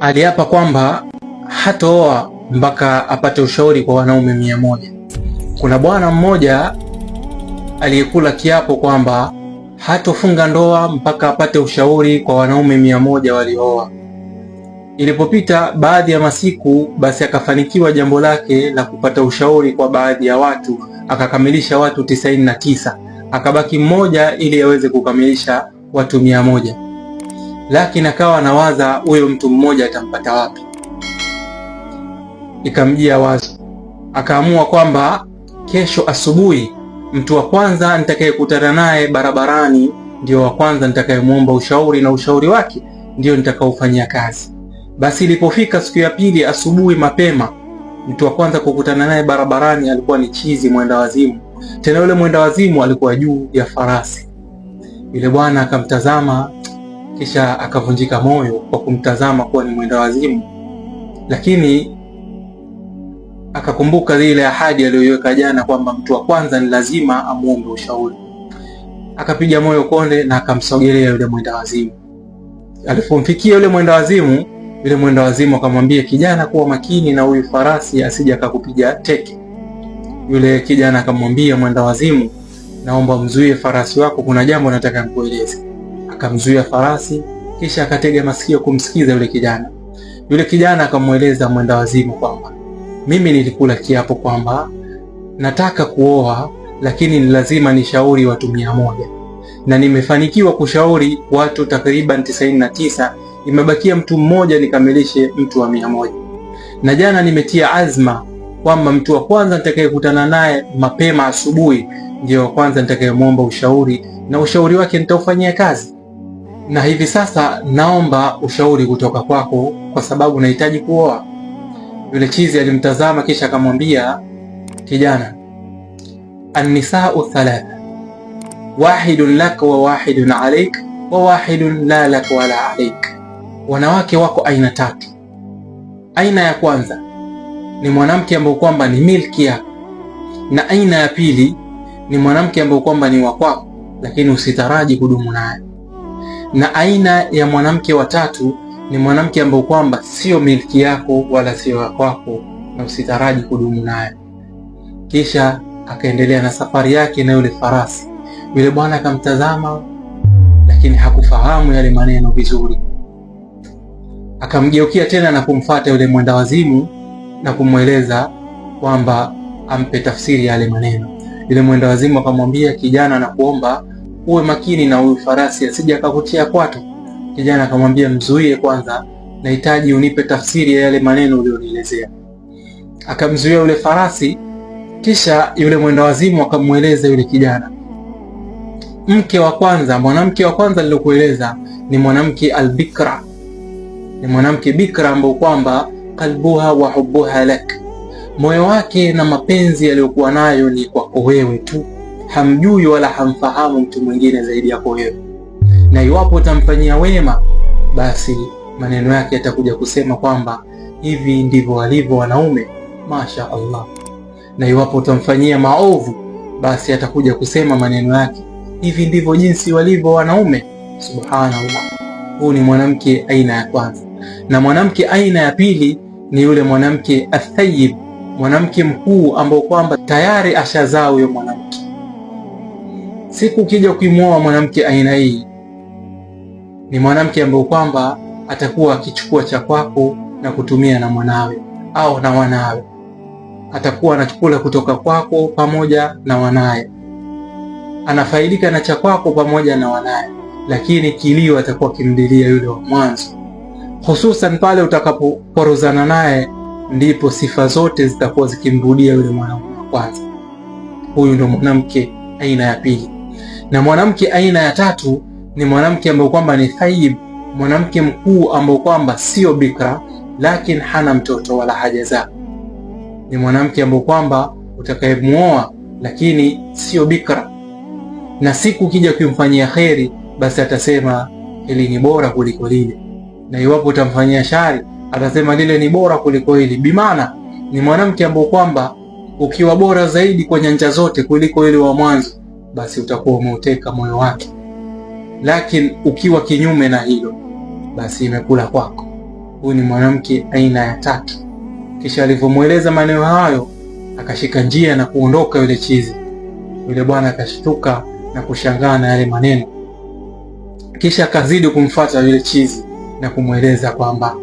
Aliapa kwamba hataoa mpaka apate ushauri kwa wanaume mia moja. Kuna bwana mmoja aliyekula kiapo kwamba hatofunga ndoa mpaka apate ushauri kwa wanaume mia moja waliooa. Ilipopita baadhi ya masiku, basi akafanikiwa jambo lake la kupata ushauri kwa baadhi ya watu, akakamilisha watu 99, akabaki mmoja ili aweze kukamilisha watu mia moja, lakini akawa anawaza huyo mtu mmoja atampata wapi. Ikamjia wazo, akaamua kwamba kesho asubuhi mtu wa kwanza nitakayekutana naye barabarani ndio wa kwanza nitakayemwomba ushauri na ushauri wake ndio nitakaofanyia kazi. Basi ilipofika siku ya pili asubuhi mapema, mtu wa kwanza kukutana naye barabarani alikuwa ni chizi mwenda wazimu. Tena yule mwenda wazimu alikuwa juu ya farasi. Yule bwana akamtazama kisha akavunjika moyo kwa kumtazama kuwa ni mwenda wazimu, lakini akakumbuka ile ahadi aliyoiweka jana kwamba mtu wa kwanza ni lazima amuombe ushauri. Akapiga moyo konde na akamsogelea yule mwenda wazimu. Alipomfikia yule mwenda wazimu, yule mwenda wazimu akamwambia kijana, kuwa makini na huyu farasi asije akakupiga teke. Yule kijana akamwambia mwenda wazimu naomba mzuie farasi wako, kuna jambo nataka nikueleze. Akamzuia farasi, kisha akatega masikio kumsikiza yule kijana. Yule kijana akamweleza mwenda wazimu kwamba mimi nilikula kiapo kwamba nataka kuoa, lakini ni lazima nishauri watu mia moja na nimefanikiwa kushauri watu takriban tisaini na tisa. Imebakia mtu mmoja nikamilishe mtu wa mia moja, na jana nimetia azma kwamba mtu wa kwanza nitakayekutana naye mapema asubuhi ndiye wa kwanza nitakayemwomba ushauri na ushauri wake nitaufanyia kazi. Na hivi sasa naomba ushauri kutoka kwako, kwa sababu nahitaji kuoa. Yule chizi alimtazama kisha akamwambia, kijana, annisau thalatha wahidun lak wa wahidun alaik wa wahidun la lak wala alaik, wanawake wako aina tatu. Aina ya kwanza ni mwanamke ambaye kwamba ni milki yako, na aina ya pili ni mwanamke ambaye kwamba ni wa kwako, lakini usitaraji kudumu naye. Na aina ya mwanamke wa tatu ni mwanamke ambaye kwamba sio miliki yako wala sio wa kwako, na usitaraji kudumu naye. Kisha akaendelea na safari yake na yule farasi. Yule bwana akamtazama, lakini hakufahamu yale maneno vizuri. Akamgeukia tena na kumfata yule mwenda wazimu na kumweleza kwamba ampe tafsiri yale maneno. Yule mwenda wazimu akamwambia kijana, na kuomba uwe makini na huyu farasi asije akakutia kwato. Kijana akamwambia, mzuie kwanza, nahitaji unipe tafsiri ya yale maneno uliyonielezea. Akamzuia yule farasi, kisha yule mwenda wazimu akamweleza yule kijana, mke wa kwanza, mwanamke wa kwanza nilokueleza ni mwanamke albikra, ni mwanamke bikra ambao kwamba kalbuha wa hubuha lak Moyo wake na mapenzi yaliyokuwa nayo ni kwako wewe tu, hamjui wala hamfahamu mtu mwingine zaidi yako wewe. Na iwapo utamfanyia wema, basi maneno yake yatakuja kusema kwamba hivi ndivyo walivyo wanaume, masha Allah. Na iwapo utamfanyia maovu, basi atakuja kusema maneno yake, hivi ndivyo jinsi walivyo wanaume, subhanallah. Huu ni mwanamke aina ya kwanza, na mwanamke aina ya pili ni yule mwanamke athayib mwanamke mkuu ambao kwamba tayari ashazaa huyo mwanamke. Siku ukija kuimwoa mwanamke aina hii, ni mwanamke ambao kwamba atakuwa akichukua cha kwako na kutumia na mwanawe au na wanawe, atakuwa anachukula kutoka kwako pamoja na wanaye, anafaidika na cha kwako pamoja na wanaye, lakini kilio atakuwa kimdilia yule wa mwanzo, hususan pale utakapoporozana naye ndipo sifa zote zitakuwa zikimrudia yule mwanamke wa kwanza. Huyu ndio mwanamke aina ya pili, na mwanamke aina ya tatu ni mwanamke ambaye kwamba ni thayyib, mwanamke mkuu ambaye kwamba sio bikra, lakini hana mtoto wala hajazaa. Ni mwanamke ambaye kwamba utakayemuoa, lakini sio bikra, na siku ukija kumfanyia kheri, basi atasema hili ni bora kuliko lile, na iwapo utamfanyia shari atasema lile ni bora kuliko hili. Bimaana ni mwanamke ambao kwamba ukiwa bora zaidi kwa nyanja zote kuliko ile wa mwanzo, basi utakuwa umeuteka moyo wake, lakini ukiwa kinyume na hilo, basi imekula kwako. Huyu ni mwanamke aina ya tatu. Kisha alivyomweleza maneno hayo, akashika njia na kuondoka yule chizi. Yule bwana akashtuka na kushangaa na yale maneno, kisha akazidi kumfuata yule chizi na kumweleza kwamba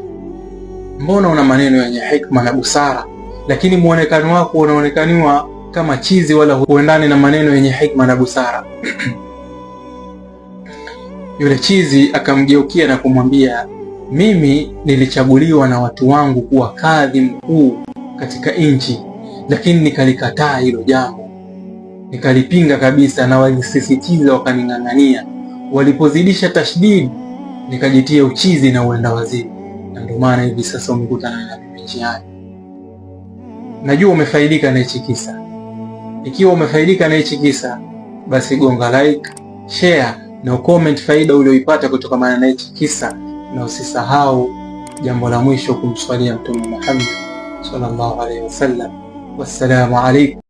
mbona una maneno yenye hikma na busara, lakini muonekano wako unaonekaniwa kama chizi, wala huendani na maneno yenye hikma na busara. Yule chizi akamgeukia na kumwambia, mimi nilichaguliwa na watu wangu kuwa kadhi mkuu katika nchi, lakini nikalikataa hilo jambo, nikalipinga kabisa, na walisisitiza wakaning'ang'ania. Walipozidisha tashdidi, nikajitia uchizi na uenda wazimu na ndio maana hivi sasa umekutana na mimi njiani. Najua umefaidika na hichi kisa. Ikiwa umefaidika na hichi kisa, basi gonga like, share na comment faida ulioipata maana na hichi kisa, na usisahau jambo la mwisho kumswalia Mtume Muhammad sallallahu alaihi wasallam. Wassalamu alaykum.